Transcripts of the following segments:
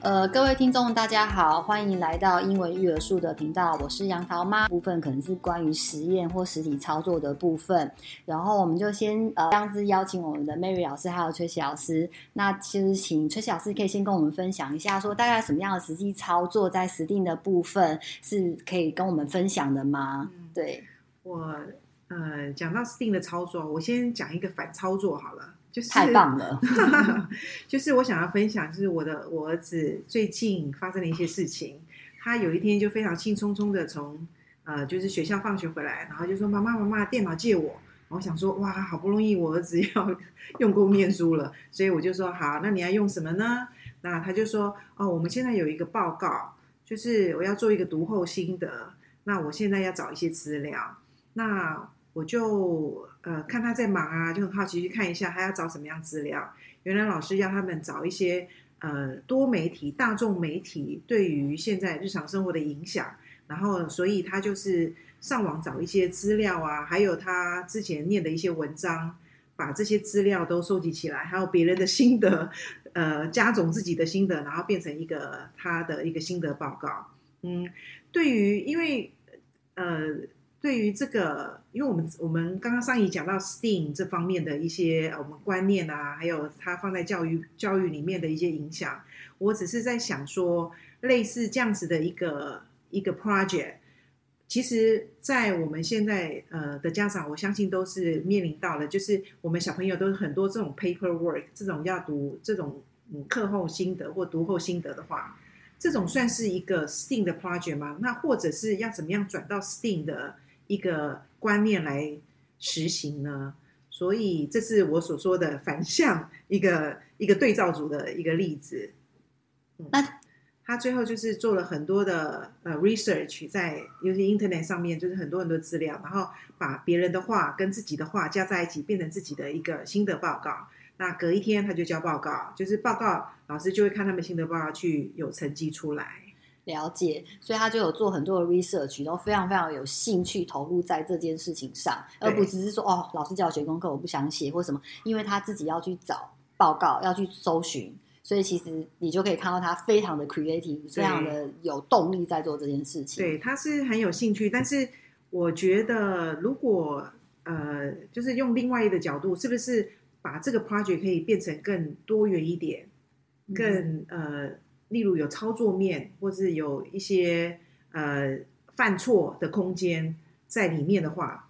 呃，各位聽眾，大家好，歡迎來到英文育兒術的頻道，我是楊桃媽。部分可能是關於實驗或實體操作的部分，然後我們就先呃，當時邀請我們的 Mary 老師還有崔奇老師。那其實請崔奇老師可以先跟我們分享一下，說大概什麼樣的實際操作在 STEAM 的部分是可以跟我們分享的嗎？對，嗯、我呃，講到 STEAM 的操作，我先講一個反操作好了。就是、太棒了！ 就是我想要分享，就是我的我兒子最近發生的一些事情。他有一天就非常興沖沖的從呃，就是學校放學回來，然後就說媽媽：“媽媽，媽媽，電腦借我。”然後我想說：“哇，好不容易我兒子要用功念書了。”所以我就說：“好，那你要用什麼呢？”那他就說：“哦，我們現在有一個報告，就是我要做一個讀後心得。那我現在要找一些資料。”那我就呃看他在忙啊，就很好奇去看一下他要找什麼樣資料。原來老師要他們找一些呃多媒體、大眾媒體對於現在日常生活的影響，然後所以他就是上網找一些資料啊，還有他之前念的一些文章，把這些資料都收集起來，還有別人的心得，呃加總自己的心得，然後變成一個他的一個心得報告。嗯，對於因為呃。對於這個，因為我們我們剛剛上一講到 STEAM 這方面的一些我們觀念啊，還有它放在教育教育裡面的一些影響，我只是在想說，類似這樣子的一個一個 project，其實，在我們現在呃的家長，我相信都是面臨到的就是我們小朋友都是很多這種 paperwork，這種要讀這種課後心得或讀後心得的話，這種算是一個 STEAM 的 project 嗎？那或者是要怎麼樣轉到 STEAM 的？一個觀念來實行呢，所以這是我所說的反向一個一個對照組的一個例子。嗯，他最後就是做了很多的呃 research，在尤其、就是、internet 上面，就是很多很多資料，然後把別人的話跟自己的話加在一起，變成自己的一個新的報告。那隔一天他就交報告，就是報告老師就會看他們新的報告去有成績出來。了解，所以他就有做很多的 research，都非常非常有興趣投入在這件事情上，而不只是說哦，老師教學功課我不想寫或什麼。因為他自己要去找報告，要去搜尋，所以其實你就可以看到他非常的 creative，非常的有動力在做這件事情。對，他是很有興趣，但是我覺得如果呃，就是用另外一個角度，是不是把這個 project 可以變成更多元一點，更、嗯、呃。例如有操作面，或是有一些呃犯錯的空間在裡面的話，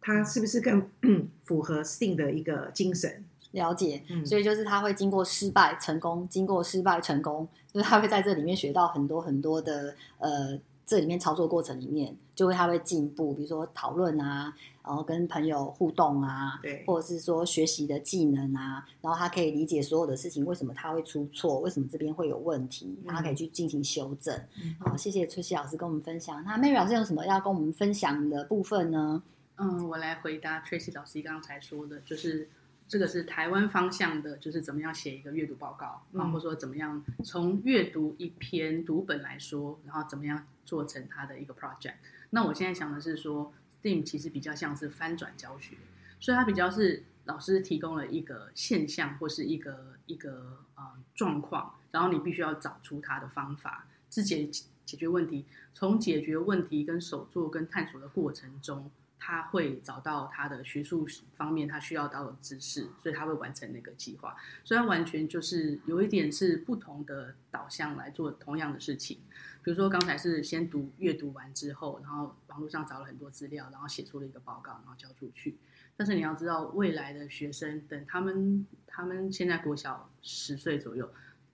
他是不是更呵呵符合 STEAM 的一個精神？了解、嗯，所以就是他會經過失敗、成功，經過失敗、成功，就是他會在這裡面學到很多很多的呃。這裡面操作過程裡面，就會他會進步，比如說討論啊，然後跟朋友互動啊，對，或者是說學習的技能啊，然後他可以理解所有的事情，為什麼他會出錯，為什麼這邊會有問題，他可以去進行修正。嗯、好，謝謝 Tracey 老師跟我們分享。那 Mary 老師有什麼要跟我們分享的部分呢？嗯，我來回答 Tracey 老師剛才說的，就是。這個是台灣方向的，就是怎麼樣寫一個閱讀報告啊，然後或者說怎麼樣從閱讀一篇讀本來說，然後怎麼樣做成它的一個 project。那我現在想的是說，STEAM 其實比較像是翻轉教學，所以它比較是老師提供了一個現象或是一個一個呃狀況，然後你必須要找出它的方法，自己解決問題。從解決問題跟手作跟探索的過程中，他會找到他的學術方面他需要到的知識，所以他會完成那個計劃。雖然完全就是有一點是不同的導向來做同樣的事情。比如說，剛才是先讀閱讀完之後，然後網絡上找了很多資料，然後寫出了一個報告，然後交出去。但是你要知道，未來的學生等他們他們現在國小十歲左右，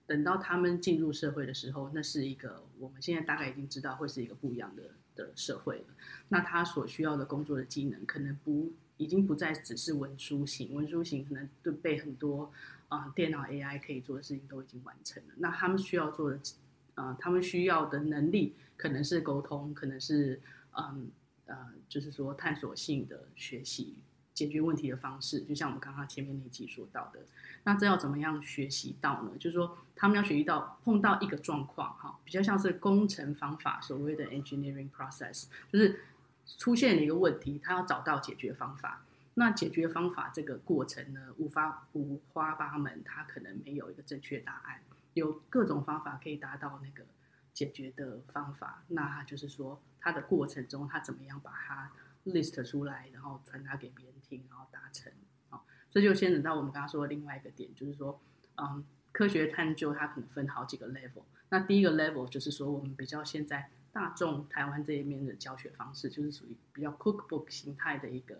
等到他們進入社會的時候，那是一個我們現在大概已經知道會是一個不一樣的。了，的社會，那他所需要的工作的技能可能不已經不再只是文書型，文書型可能都被很多啊、呃、電腦 AI 可以做的事情都已經完成了。那他們需要做的，啊、呃，他們需要的能力可能是溝通，可能是嗯、呃呃、就是說探索性的學習。解決問題的方式，就像我們剛剛前面那集說到的，那這要怎麼樣學習到呢？就是說，他們要學習到碰到一個狀況，哈，比較像是工程方法所謂的 engineering process，就是出現了一個問題，他要找到解決方法。那解決方法這個過程呢，五花五花八門，他可能沒有一個正確答案，有各種方法可以達到那個解決的方法。那就是說，他的過程中，他怎麼樣把它。list 出來，然後傳達給別人聽，然後達成。好、哦，這就牽扯到我們剛剛說的另外一個點，就是說，嗯，科學探究它可能分好幾個 level。那第一個 level 就是說，我們比較現在大眾台灣這一面的教學方式，就是屬於比較 cookbook 形態的一個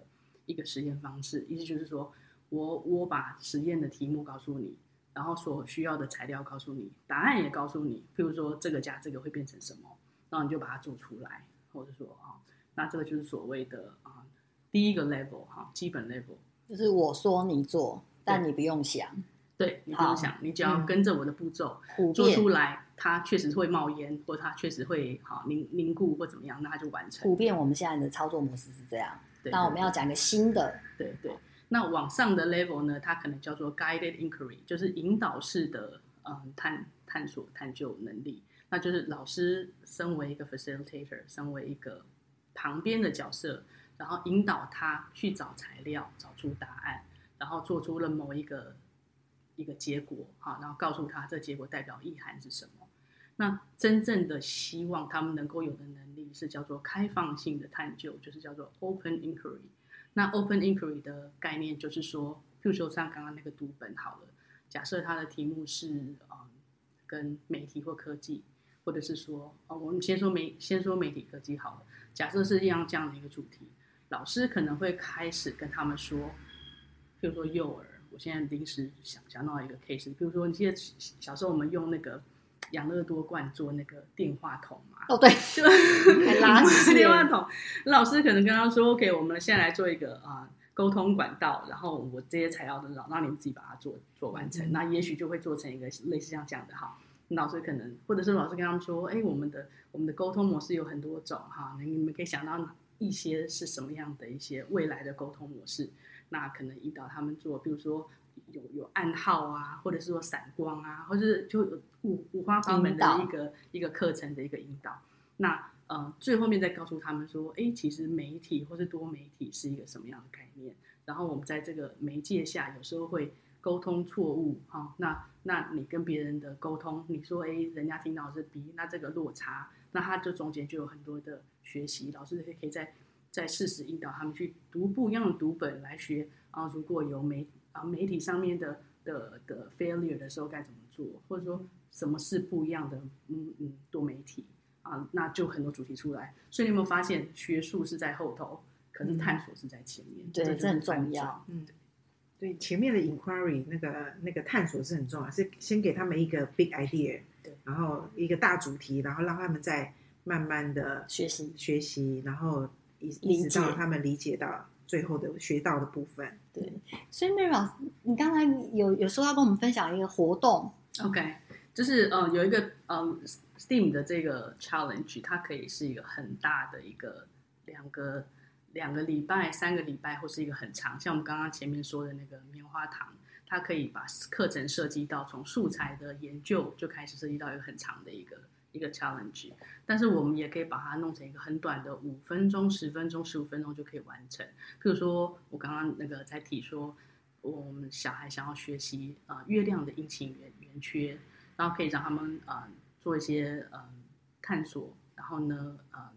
一個實驗方式。意思就是說我，我我把實驗的題目告訴你，然後所需要的材料告訴你，答案也告訴你。譬如說，這個加這個會變成什麼，然後你就把它做出來，或者說啊。哦那這個就是所謂的啊，第一個 level 哈、啊，基本 level，就是我說你做，但你不用想，對，你不用想，你只要跟着我的步驟、嗯、做出來，它確實會冒煙，或它確實會好凝凝固或怎麼樣，那它就完成。普遍我們現在的操作模式是這樣。那我們要講一個新的，對，對對。那往上的 level 呢，它可能叫做 guided inquiry，就是引導式的嗯探探索探究能力，那就是老師身為一個 facilitator，身為一個。旁邊的角色，然後引導他去找材料，找出答案，然後做出了某一個一個結果，啊，然後告訴他這結果代表意涵是什麼。那真正的希望他們能夠有的能力是叫做開放性的探究，就是叫做 open inquiry。那 open inquiry 的概念就是說，譬如說像剛剛那個讀本好了，假設它的題目是啊、嗯，跟媒體或科技。或者是說，哦，我們先說媒，先說媒體科技好了。假設是這樣這樣的一個主題，老師可能會開始跟他們說，比如說幼兒，我現在臨時想想到一個 case，比如說，你記得小時候我們用那個養樂多罐做那個電話筒嘛？哦，對，就 okay, 拉電話筒。老師可能跟他說，OK，我們現在來做一個啊溝通管道，然後我這些材料都讓讓你們自己把它做做完成，嗯、那也許就會做成一個類似像這樣的哈。老師可能，或者是老師跟他們說：“哎，我們的我們的溝通模式有很多種哈，你們可以想到一些是什麼樣的一些未來的溝通模式？那可能引導他們做，比如說有有暗號啊，或者是說閃光啊，或者是就有五五花八門的一個一個課程的一個引導。那呃，最後面再告訴他們說：哎，其實媒體或是多媒體是一個什麼樣的概念？然後我們在這個媒介下，有時候會。”溝通錯誤，那那你跟別人的溝通，你說哎，人家聽到是 B，那這個落差，那他就中間就有很多的學習，老師也可以在在適時引導他們去讀不一樣的讀本來學，然後、啊、如果有媒啊媒體上面的的的 failure 的時候該怎麼做，或者說什麼是不一樣的嗯嗯多媒體啊，那就很多主題出來，所以你有沒有發現，學術是在後頭，可是探索是在前面，對、這，很重要，嗯。對前面的 inquiry、嗯、那個那個探索是很重要，是先給他們一個 big idea，對，然後一個大主題，然後讓他們再慢慢的學習學習，學習，然後一一直到他們理解到最後的學到的部分。對，所以 Mira 老師，你剛才有有說要跟我們分享一個活動，OK，就是呃、uh, 有一個呃、um, Steam 的這個 challenge，它可以是一個很大的一個兩個。兩個禮拜、三個禮拜，或是一個很長，像我們剛剛前面說的那個棉花糖，它可以把課程設計到從素材的研究就開始設計到一個很長的一個一個 challenge。但是我們也可以把它弄成一個很短的，五分鐘、十分鐘、十五分鐘就可以完成。譬如說我剛剛那個在提說，我們小孩想要學習啊、呃、月亮的陰晴圓圓缺，然後可以讓他們啊、呃、做一些嗯、呃、探索，然後呢嗯。呃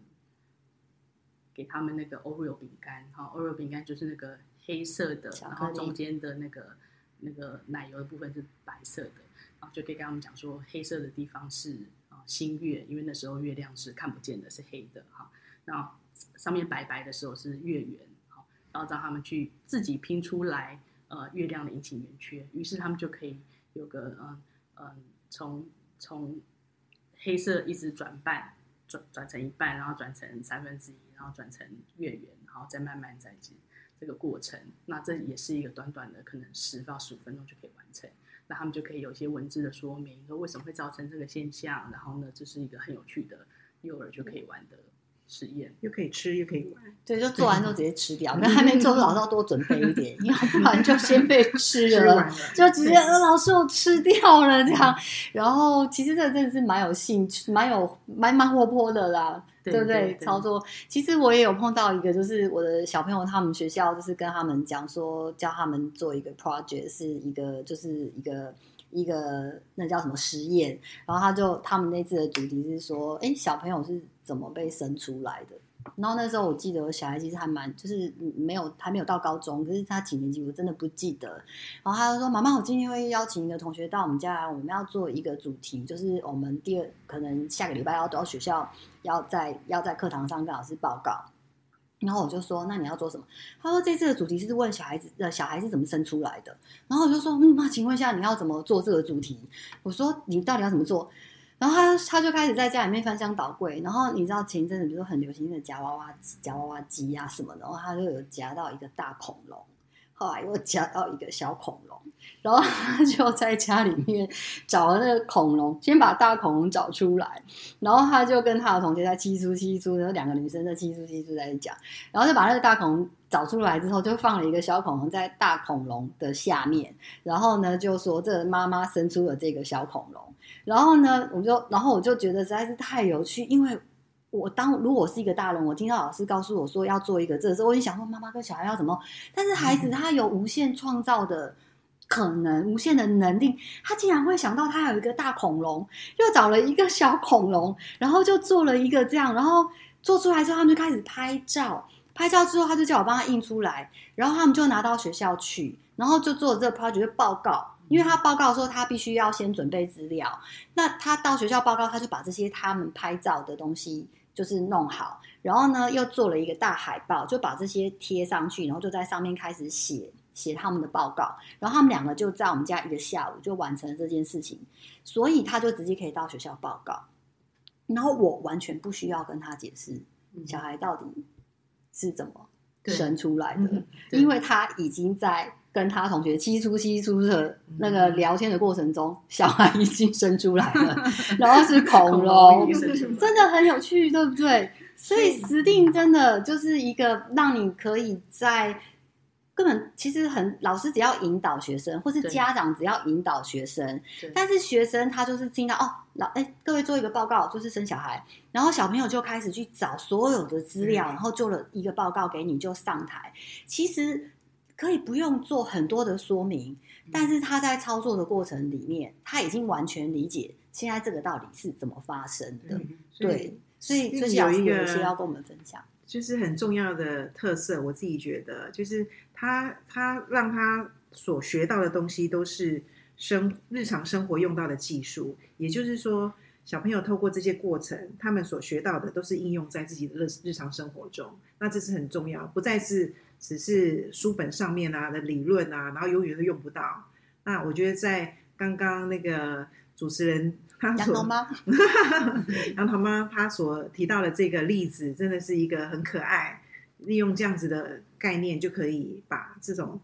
給他們那個 Oreo 餅乾，哈，Oreo 餅乾就是那個黑色的，然後中間的那個那個奶油的部分是白色的，然後就可以跟他們講說，黑色的地方是啊新月，因為那時候月亮是看不見的，是黑的，哈，那上面白白的時候是月圓，好，然後讓他們去自己拼出來，呃，月亮的陰晴圓缺，於是他們就可以有個嗯嗯、呃呃，從從黑色一直轉白。轉轉成一半，然後轉成三分之一，然後轉成月圓，然後再慢慢再接這個過程。那這也是一個短短的，可能十到十五分鐘就可以完成。那他們就可以有一些文字的說明，說為什麼會造成這個現象。然後呢，這是一個很有趣的幼兒就可以玩的。嗯實驗又可以吃又可以玩，對，就做完之後直接吃掉。那還沒做， 老師要多準備一點，要不然就先被吃了， 吃了就直接呃，老師我吃掉了這樣。嗯，然後其實這真的是蠻有興趣，蠻有蠻蠻活潑的啦，對不對？對，對，對。操作。其實我也有碰到一個，就是我的小朋友，他們學校就是跟他們講說，教他們做一個 project，是一個就是一個一個那叫什麼實驗。然後他就他們那次的主題是說，哎，小朋友是。怎麼被生出來的？然後那時候我記得我小孩其實還蠻就是沒有還沒有到高中，可是他幾年級我真的不記得。然後他就說：“媽媽，我今天會邀請你的同學到我們家，我們要做一個主題，就是我們第二可能下個禮拜要到學校要在要在課堂上跟老師報告。”然後我就說：“那你要做什麼？”他說：“這次的主題是問小孩子的、呃、小孩子怎麼生出來的。”然後我就說：“嗯，那請問一下你要怎麼做這個主題？”我說：“你到底要怎麼做？”然後他他就開始在家裡面翻箱倒櫃，然後你知道前陣子比如說很流行的夾娃娃機夾娃娃機啊什麼的，然後他就有夾到一個大恐龍，後來又夾到一個小恐龍，然後他就在家裡面找了那個恐龍，先把大恐龍找出來，然後他就跟他的同學在七叔、七叔，然後兩個女生在七叔、七叔在講，然後就把那個大恐龍。找出來之後，就放了一個小恐龍在大恐龍的下面，然後呢，就說這媽媽生出了這個小恐龍，然後呢，我就，然後我就覺得實在是太有趣，因為我當如果是一個大人，我聽到老師告訴我說要做一個這個時候，我就想說媽媽跟小孩要怎麼，但是孩子他有無限創造的可能，無限的能力，他竟然會想到他有一個大恐龍，又找了一個小恐龍，然後就做了一個這樣，然後做出來之後，他們就開始拍照。拍照之後，他就叫我幫他印出來，然後他們就拿到學校去，然後就做了這 project 報告。因為他報告說他必須要先準備資料，那他到學校報告，他就把這些他們拍照的東西就是弄好，然後呢又做了一個大海報，就把這些貼上去，然後就在上面開始寫寫他們的報告。然後他們兩個就在我們家一個下午就完成了這件事情，所以他就直接可以到學校報告，然後我完全不需要跟他解釋小孩到底。是怎麼生出來的？因為他已經在跟他同學七出七出的那個聊天的過程中，小孩已經生出來了， 然後是恐龍，恐 真的很有趣，對不對？所以 STEAM 真的就是一個讓你可以在。根本其實很，老師只要引導學生，或是家長只要引導學生。對。但是學生他就是聽到哦，老哎、欸，各位做一個報告，就是生小孩，然後小朋友就開始去找所有的資料，然後做了一個報告給你就上台。嗯、其實可以不用做很多的說明、嗯，但是他在操作的過程裡面，他已經完全理解現在這個到底是怎麼發生的。嗯、對，所以所以老師有一些要跟我們分享。就是很重要的特色，我自己覺得，就是他他讓他所學到的東西都是生日常生活用到的技術，也就是說，小朋友透過這些過程，他們所學到的都是應用在自己的日日常生活中，那這是很重要，不再是只是書本上面啊的理論啊，然後永遠都用不到。那我覺得在。剛剛那個主持人，他所楊桃媽， 楊桃媽他所提到的這個例子，真的是一個很可愛。利用這樣子的概念，就可以把這種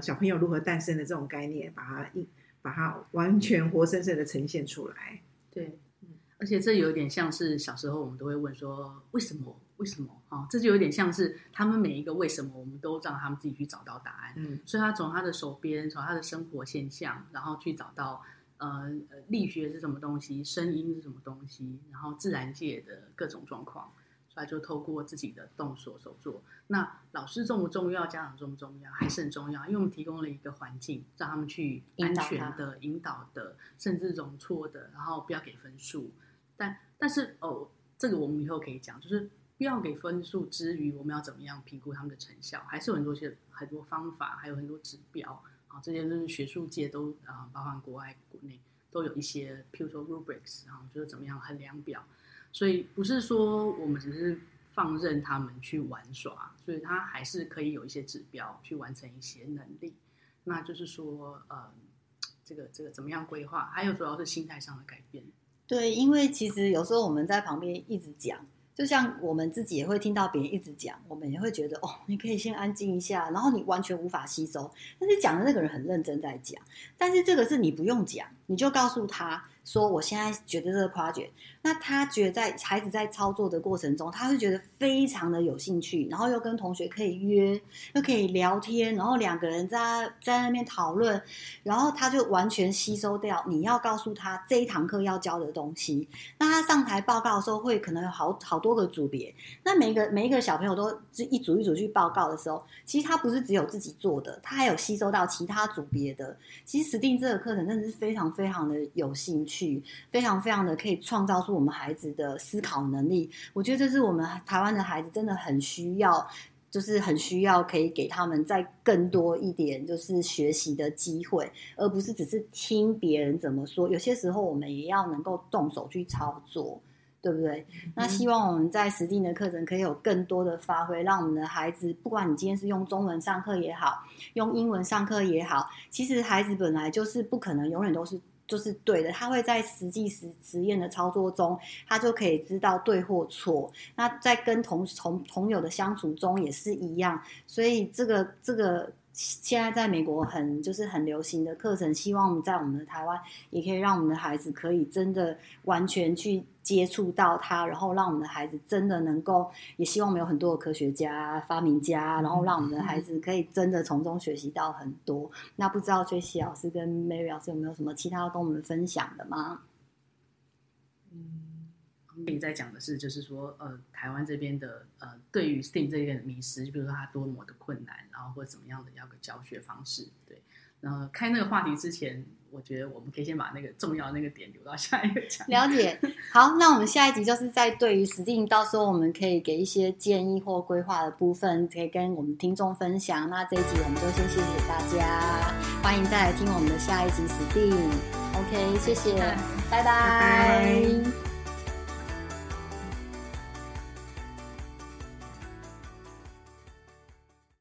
小朋友如何誕生的這種概念，把它一把它完全活生生的呈現出來。對，而且這有點像是小時候我們都會問說，為什麼？為什麼？哦，這就有點像是他們每一個為什麼，我們都讓他們自己去找到答案。嗯。所以他從他的手邊，從他的生活現象，然後去找到，呃，力學是什麼東西，聲音是什麼東西，然後自然界的各種狀況，嗯。所以就透過自己的動手手做。那老師重不重要？家長重不重要？還是很重要，因為我們提供了一個環境，讓他們去安全的，引導，引導的，甚至容錯的，然後不要給分數。但但是哦，這個我們以後可以講，就是。不要給分數之餘，我們要怎麼樣評估他們的成效？還是有很多些很多方法，還有很多指標啊。這些都是學術界都、呃、包含國外、國內都有一些，比如說 rubrics 啊、呃，就是怎麼樣衡量表。所以不是說我們只是放任他們去玩耍，所以他還是可以有一些指標去完成一些能力。那就是說，呃、這個這個怎麼樣規劃？還有主要是心態上的改變。對，因為其實有時候我們在旁邊一直講。就像我們自己也會聽到別人一直講，我們也會覺得哦，你可以先安靜一下，然後你完全無法吸收。但是講的那個人很認真在講，但是這個是你不用講，你就告訴他說，我現在覺得這個誇張。那他覺得在孩子在操作的過程中，他會覺得非常的有興趣，然後又跟同學可以約，又可以聊天，然後兩個人在在那邊討論，然後他就完全吸收掉你要告訴他這一堂課要教的東西。那他上台報告的時候，會可能有好好多個組別，那每一個每一個小朋友都是一組一組去報告的時候，其實他不是只有自己做的，他還有吸收到其他組別的。其實 STEAM 這個課程真的是非常非常的有興趣，非常非常的可以創造出。我們孩子的思考能力，我覺得這是我們台灣的孩子真的很需要，就是很需要可以給他們再更多一點就是學習的機會，而不是只是聽別人怎麼說。有些時候我們也要能夠動手去操作，對不對？嗯。那希望我們在實際的課程可以有更多的發揮，讓我們的孩子，不管你今天是用中文上課也好，用英文上課也好，其實孩子本來就是不可能永遠都是。就是對的，他會在實際實實驗的操作中，他就可以知道對或錯。那在跟同同朋友的相處中也是一樣，所以這個這個。現在在美國很，就是很流行的課程，希望在我們的台灣也可以讓我們的孩子可以真的完全去接觸到它，然後讓我們的孩子真的能夠，也希望我們有很多的科學家、發明家，然後讓我們的孩子可以真的從中學習到很多。嗯、那不知道崔西老師跟 Mary 老師有沒有什麼其他要跟我們分享的嗎？你在講的是，就是說，呃，台灣這邊的，呃，對於 STEAM 這個迷思，就比如說他多麼的困難，然後或者怎麼樣的要個教學方式，對。然後開那個話題之前，我覺得我們可以先把那個重要的那個點留到下一個講。了解，好，那我們下一集就是在對於 STEAM，到時候我們可以給一些建議或規劃的部分，可以跟我們聽眾分享。那這一集我們就先謝謝大家，歡迎再來聽我們的下一集 STEAM。OK，謝謝，拜拜。Bye bye